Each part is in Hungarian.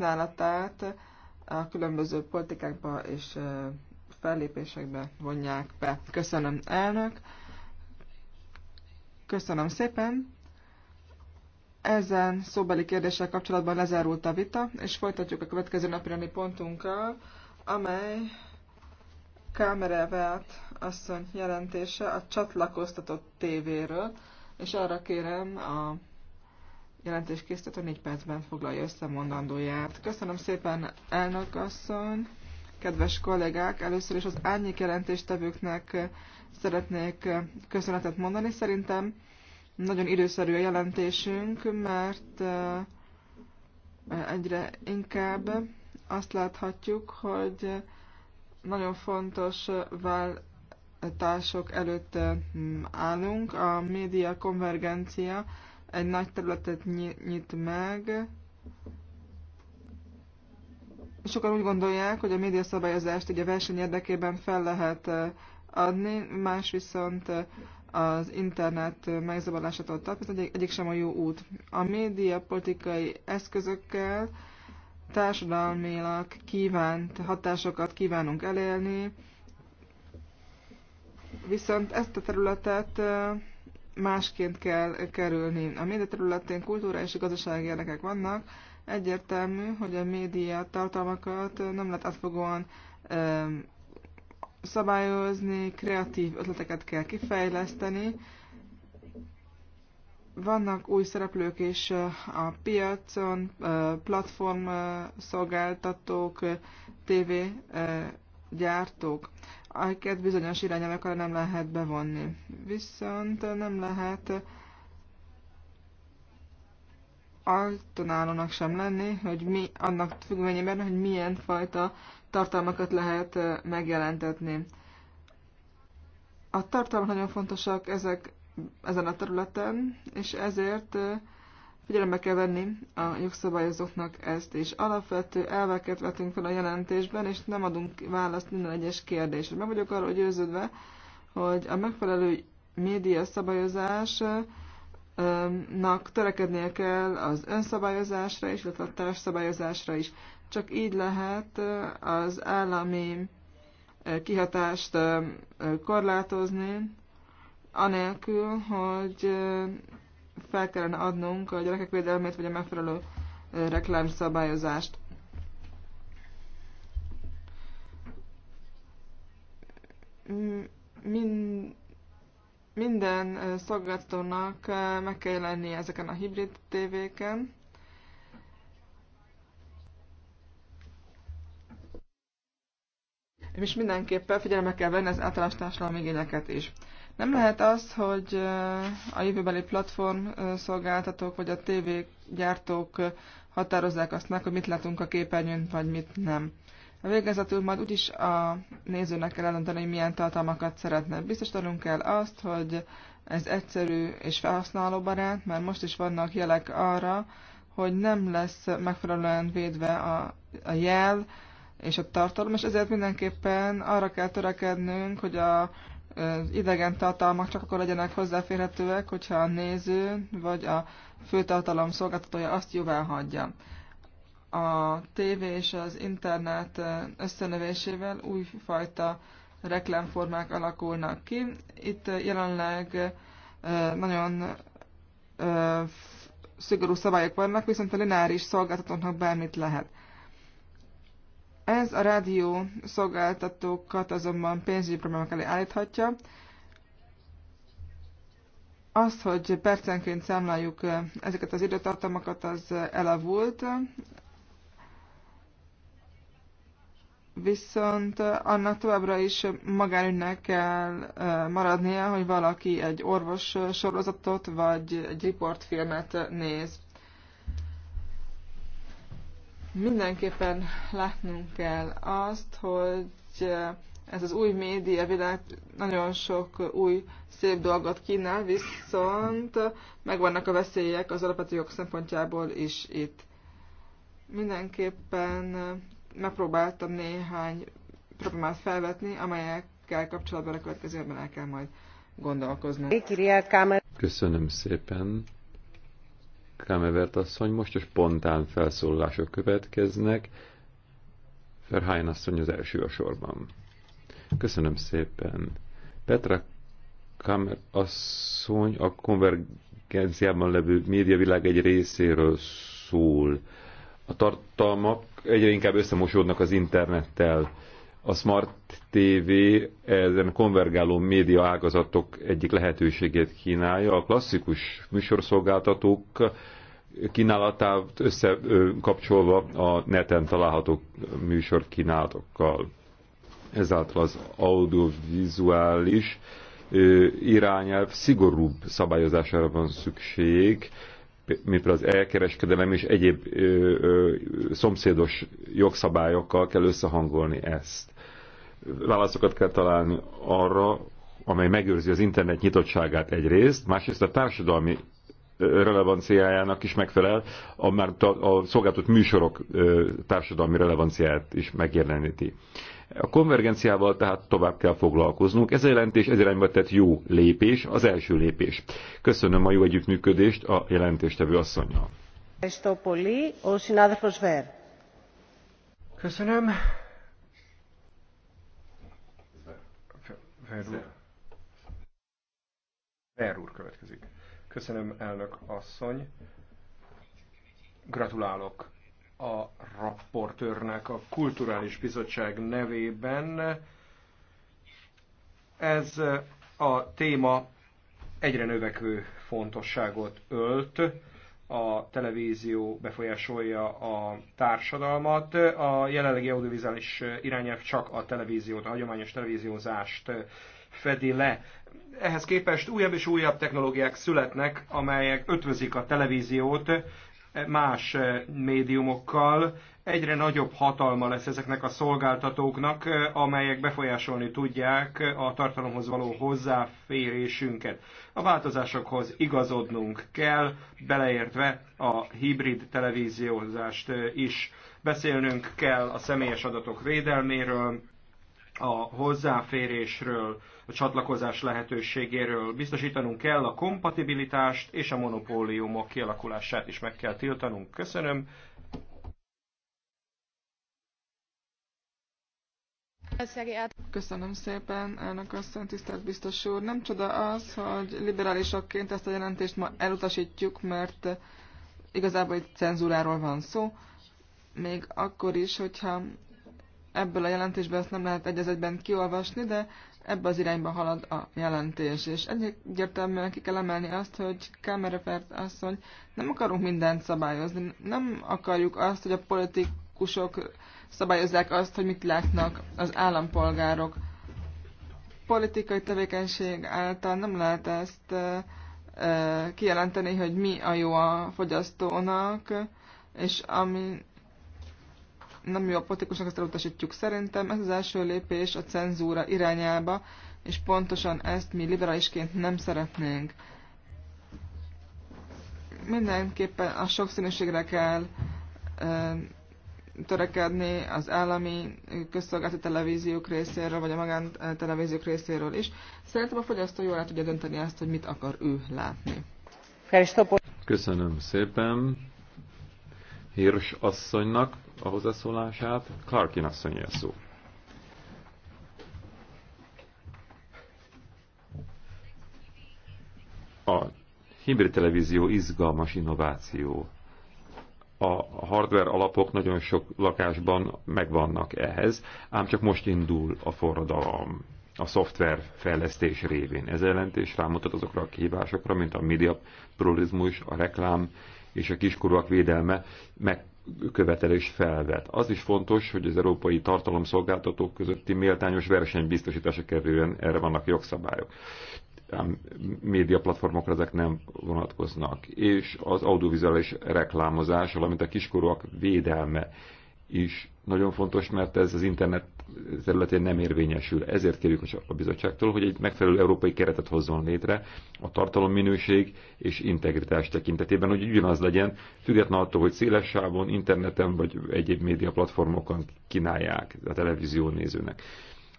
használatát a különböző politikákba és fellépésekbe vonják be. Köszönöm, elnök! Köszönöm szépen! Ezen szóbeli kérdéssel kapcsolatban lezárult a vita, és folytatjuk a következő napirani pontunkkal, amely Kámerevelt asszony jelentése a csatlakoztatott tévéről, és arra kérem a Jelentés jelentéskészítő négy percben foglalja össze mondandóját. Köszönöm szépen, elnök asszony! Kedves kollégák, először is az árnyék jelentéstevőknek szeretnék köszönetet mondani. Szerintem nagyon időszerű a jelentésünk, mert eh, egyre inkább azt láthatjuk, hogy nagyon fontos váltások előtt eh, állunk. A média konvergencia egy nagy területet nyit meg. Sokan úgy gondolják, hogy a média szabályozást ugye verseny érdekében fel lehet eh, adni, más viszont eh, az internet eh, megzavarlásától tart, viszont egy, egyik sem a jó út. A média politikai eszközökkel társadalmilag kívánt hatásokat kívánunk elérni, viszont ezt a területet másként kell kerülni. A média területén kultúra és gazdasági érdekek vannak, egyértelmű, hogy a média tartalmakat nem lehet átfogóan szabályozni, kreatív ötleteket kell kifejleszteni. Vannak új szereplők is a piacon, platform szolgáltatók, gyártók akiket bizonyos irányelvekkel nem lehet bevonni. Viszont nem lehet altanálónak sem lenni, hogy mi, annak függvényében, hogy milyen fajta tartalmakat lehet megjelentetni. A tartalmak nagyon fontosak ezek ezen a területen, és ezért Figyelembe kell venni a jogszabályozóknak ezt és Alapvető elveket vetünk fel a jelentésben, és nem adunk választ minden egyes kérdésre. Meg vagyok arról győződve, hogy a megfelelő média szabályozásnak törekednie kell az önszabályozásra és illetve a társszabályozásra is. Csak így lehet az állami kihatást korlátozni, anélkül, hogy fel kellene adnunk a gyerekek védelmét, vagy a megfelelő reklámszabályozást. Min, minden szolgáltatónak meg kell lennie ezeken a hibrid tévéken. És mindenképpen figyelembe kell venni az általános társadalmi igényeket is. Nem lehet az, hogy a jövőbeli platform szolgáltatók vagy a TV gyártók határozzák azt meg, hogy mit látunk a képernyőn, vagy mit nem. A végezetül majd úgyis a nézőnek kell eldönteni, hogy milyen tartalmakat szeretne. Biztosítanunk kell azt, hogy ez egyszerű és felhasználóbarát, mert most is vannak jelek arra, hogy nem lesz megfelelően védve a, a jel és a tartalom, és ezért mindenképpen arra kell törekednünk, hogy a idegen tartalmak csak akkor legyenek hozzáférhetőek, hogyha a néző vagy a főtartalom szolgáltatója azt jóvá hagyja. A tévé és az internet összenövésével újfajta reklámformák alakulnak ki. Itt jelenleg nagyon szigorú szabályok vannak, viszont a lineáris szolgáltatónak bármit lehet. Ez a rádió szolgáltatókat azonban pénzügyi problémák elé állíthatja. Az, hogy percenként számláljuk eh, ezeket az időtartamokat, az eh, elavult, viszont eh, annak továbbra is magánügynek kell maradnia, hogy valaki egy orvos sorozatot vagy egy riportfilmet néz. Mindenképpen látnunk kell azt, hogy ez az új média világ nagyon sok új szép dolgot kínál, viszont megvannak a veszélyek az alapvető jog szempontjából is itt. Mindenképpen megpróbáltam néhány problémát felvetni, amelyekkel kapcsolatban a következőben el kell majd gondolkoznunk. Köszönöm szépen. Kámevert asszony, most a spontán felszólalások következnek. Ferhájn asszony az első a sorban. Köszönöm szépen. Petra Kamer asszony a konvergenciában levő médiavilág egy részéről szól. A tartalmak egyre inkább összemosódnak az internettel a Smart TV ezen konvergáló média ágazatok egyik lehetőségét kínálja. A klasszikus műsorszolgáltatók kínálatát összekapcsolva a neten található műsor kínálatokkal. Ezáltal az audiovizuális irányelv szigorúbb szabályozására van szükség, mint az elkereskedelem és egyéb ö, ö, szomszédos jogszabályokkal kell összehangolni ezt. Válaszokat kell találni arra, amely megőrzi az internet nyitottságát egyrészt, másrészt a társadalmi relevanciájának is megfelel, a, már a, a szolgáltatott műsorok ö, társadalmi relevanciáját is megjeleníti. A konvergenciával tehát tovább kell foglalkoznunk. Ez a jelentés ez irányba tett jó lépés, az első lépés. Köszönöm a jó együttműködést a jelentéstevő asszonynal. Köszönöm. Ver úr. Ver következik. Köszönöm, elnök asszony. Gratulálok a rapportőrnek a Kulturális Bizottság nevében. Ez a téma egyre növekvő fontosságot ölt. A televízió befolyásolja a társadalmat. A jelenlegi audiovizuális irányelv csak a televíziót, a hagyományos televíziózást fedi le. Ehhez képest újabb és újabb technológiák születnek, amelyek ötvözik a televíziót, más eh, médiumokkal. Egyre nagyobb hatalma lesz ezeknek a szolgáltatóknak, eh, amelyek befolyásolni tudják eh, a tartalomhoz való hozzáférésünket. A változásokhoz igazodnunk kell, beleértve a hibrid televíziózást is. Beszélnünk kell a személyes adatok védelméről, a hozzáférésről, a csatlakozás lehetőségéről. Biztosítanunk kell a kompatibilitást és a monopóliumok kialakulását is meg kell tiltanunk. Köszönöm. Köszönöm szépen, elnök asszony, tisztelt biztos úr. Nem csoda az, hogy liberálisokként ezt a jelentést ma elutasítjuk, mert igazából egy cenzúráról van szó, még akkor is, hogyha ebből a jelentésből ezt nem lehet egy egyben kiolvasni, de ebbe az irányba halad a jelentés. És egyértelműen ki kell emelni azt, hogy Kamerafert asszony, nem akarunk mindent szabályozni, nem akarjuk azt, hogy a politikusok szabályozzák azt, hogy mit látnak az állampolgárok. Politikai tevékenység által nem lehet ezt kijelenteni, hogy mi a jó a fogyasztónak, és ami nem jó a politikusnak, ezt elutasítjuk. Szerintem ez az első lépés a cenzúra irányába, és pontosan ezt mi liberálisként nem szeretnénk. Mindenképpen a sokszínűségre kell ö, törekedni az állami közszolgálati televíziók részéről, vagy a magántelevíziók részéről is. Szerintem a fogyasztó jól tudja dönteni azt, hogy mit akar ő látni. Köszönöm szépen Hírs asszonynak a hozzászólását. Clarkin asszony szó. A hibrid televízió izgalmas innováció. A hardware alapok nagyon sok lakásban megvannak ehhez, ám csak most indul a forradalom a szoftverfejlesztés révén. Ez a jelentés rámutat azokra a kihívásokra, mint a média pluralizmus, a reklám és a kiskorúak védelme megkövetelés felvet. Az is fontos, hogy az európai tartalomszolgáltatók közötti méltányos verseny biztosítása kerüljön, erre vannak jogszabályok. Média platformokra ezek nem vonatkoznak. És az audiovizuális reklámozás, valamint a kiskorúak védelme is nagyon fontos, mert ez az internet területén nem érvényesül. Ezért kérjük a bizottságtól, hogy egy megfelelő európai keretet hozzon létre a tartalom és integritás tekintetében, hogy ugyanaz legyen, független attól, hogy széles sávon, interneten vagy egyéb média platformokon kínálják a televízió nézőnek.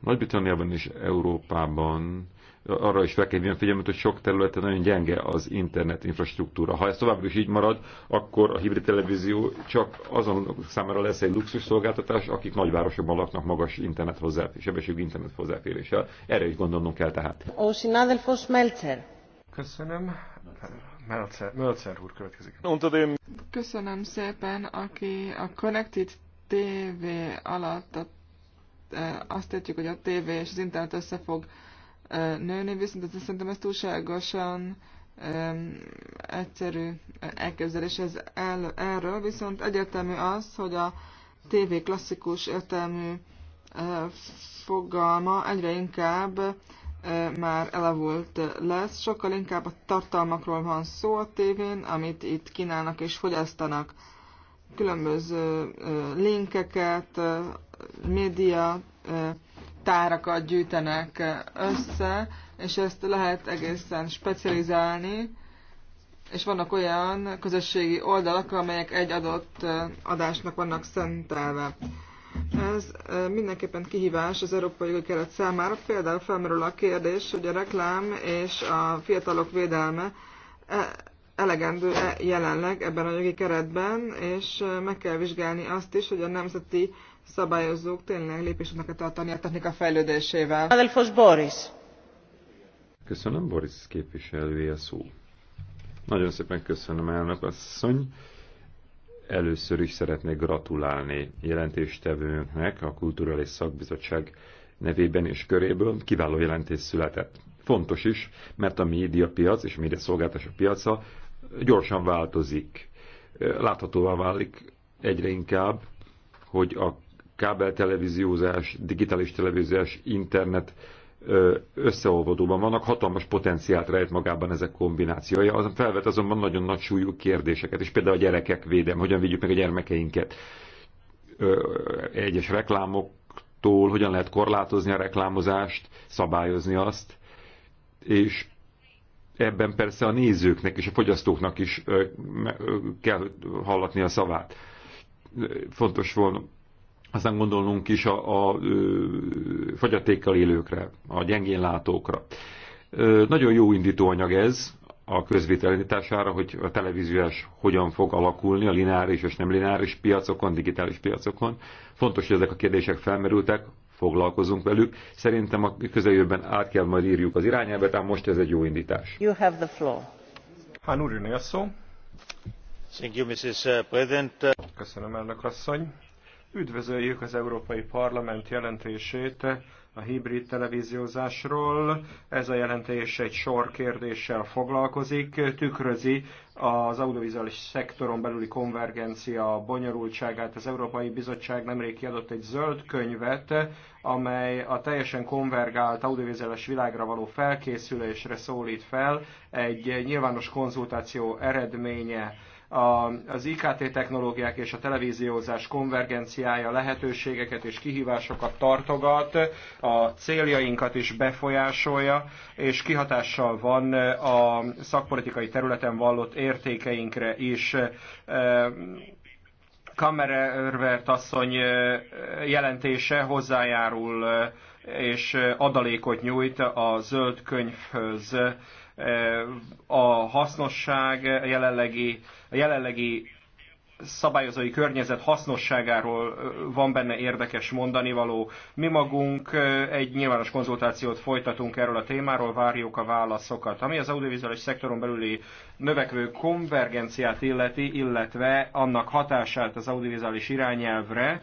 Nagy-Britanniában és Európában arra is fel kell figyelmet, hogy sok területen nagyon gyenge az internet infrastruktúra. Ha ez továbbra is így marad, akkor a hibrid televízió csak azon számára lesz egy luxus szolgáltatás, akik nagyvárosokban laknak magas internet hozzáférés, sebesség internet hozzáféréssel. Erre is gondolnunk kell tehát. Ósinádelfos Melzer. Köszönöm. Melzer, Melzer úr következik. Köszönöm szépen, aki a Connected TV alatt a, e, azt értjük, hogy a TV és az internet összefog fog nőni, viszont ez szerintem ez túlságosan um, egyszerű elképzelés ez el, erről, viszont egyértelmű az, hogy a TV klasszikus értelmű uh, fogalma egyre inkább uh, már elavult lesz, sokkal inkább a tartalmakról van szó a tévén, amit itt kínálnak és fogyasztanak. Különböző uh, linkeket, média, tárakat gyűjtenek össze, és ezt lehet egészen specializálni, és vannak olyan közösségi oldalak, amelyek egy adott adásnak vannak szentelve. Ez mindenképpen kihívás az európai jogi keret számára. Például felmerül a kérdés, hogy a reklám és a fiatalok védelme e, elegendő-e jelenleg ebben a jogi keretben, és meg kell vizsgálni azt is, hogy a nemzeti szabályozók tényleg lépésnek kell tartani a technika fejlődésével. Adelfos Boris. Köszönöm, Boris képviselője szó. Nagyon szépen köszönöm, elnök asszony. Először is szeretnék gratulálni jelentéstevőnknek a Kulturális Szakbizottság nevében és köréből. Kiváló jelentés született. Fontos is, mert a médiapiac és a médiaszolgáltatások piaca gyorsan változik. Láthatóvá válik egyre inkább, hogy a kábeltelevíziózás, digitális televíziós, internet összeolvadóban vannak, hatalmas potenciált rejt magában ezek kombinációja. Az felvet azonban nagyon nagy súlyú kérdéseket, és például a gyerekek védem, hogyan vigyük meg a gyermekeinket. Egyes reklámoktól, hogyan lehet korlátozni a reklámozást, szabályozni azt, és Ebben persze a nézőknek és a fogyasztóknak is kell hallatni a szavát. Fontos volna aztán gondolnunk is a, a fogyatékkal élőkre, a gyengén látókra. nagyon jó indítóanyag ez a közvételindítására, hogy a televíziós hogyan fog alakulni a lineáris és nem lineáris piacokon, digitális piacokon. Fontos, hogy ezek a kérdések felmerültek, foglalkozunk velük. Szerintem a közeljövőben át kell majd írjuk az irányelvet, ám most ez egy jó indítás. You have the floor. Hán úr, a szó. Thank you, Mrs. Uh, President. Köszönöm, elnök asszony. Üdvözöljük az Európai Parlament jelentését a hibrid televíziózásról. Ez a jelentés egy sor kérdéssel foglalkozik, tükrözi az audiovizuális szektoron belüli konvergencia bonyolultságát. Az Európai Bizottság nemrég kiadott egy zöld könyvet, amely a teljesen konvergált audiovizuális világra való felkészülésre szólít fel, egy nyilvános konzultáció eredménye az IKT technológiák és a televíziózás konvergenciája lehetőségeket és kihívásokat tartogat, a céljainkat is befolyásolja, és kihatással van a szakpolitikai területen vallott értékeinkre is. Örvert e, asszony e, jelentése hozzájárul e, és adalékot nyújt a zöld könyvhöz a hasznosság, a jelenlegi, a jelenlegi szabályozói környezet hasznosságáról van benne érdekes mondani való. Mi magunk egy nyilvános konzultációt folytatunk erről a témáról, várjuk a válaszokat. Ami az audiovizuális szektoron belüli növekvő konvergenciát illeti, illetve annak hatását az audiovizuális irányelvre,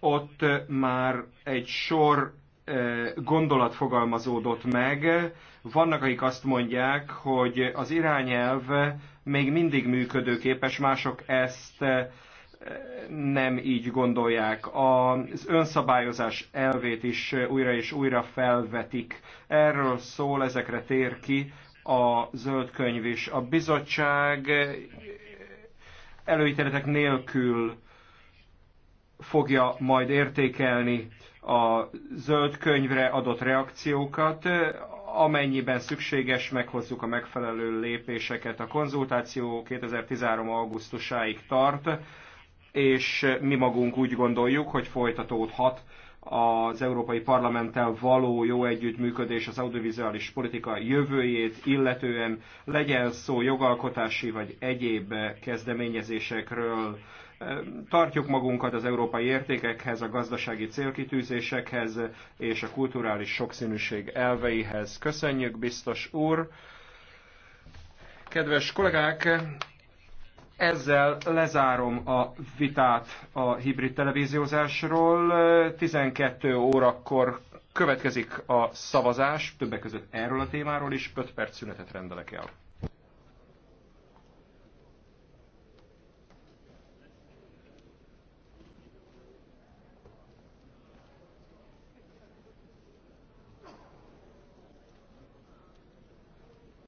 ott már egy sor gondolat fogalmazódott meg. Vannak, akik azt mondják, hogy az irányelv még mindig működőképes, mások ezt nem így gondolják. Az önszabályozás elvét is újra és újra felvetik. Erről szól, ezekre tér ki a zöld könyv is. A bizottság előítéletek nélkül fogja majd értékelni a zöld könyvre adott reakciókat, amennyiben szükséges, meghozzuk a megfelelő lépéseket. A konzultáció 2013. augusztusáig tart, és mi magunk úgy gondoljuk, hogy folytatódhat az Európai Parlamenttel való jó együttműködés az audiovizuális politika jövőjét, illetően legyen szó jogalkotási vagy egyéb kezdeményezésekről tartjuk magunkat az európai értékekhez, a gazdasági célkitűzésekhez és a kulturális sokszínűség elveihez. Köszönjük, biztos úr! Kedves kollégák, ezzel lezárom a vitát a hibrid televíziózásról. 12 órakor következik a szavazás, többek között erről a témáról is, 5 perc szünetet rendelek el.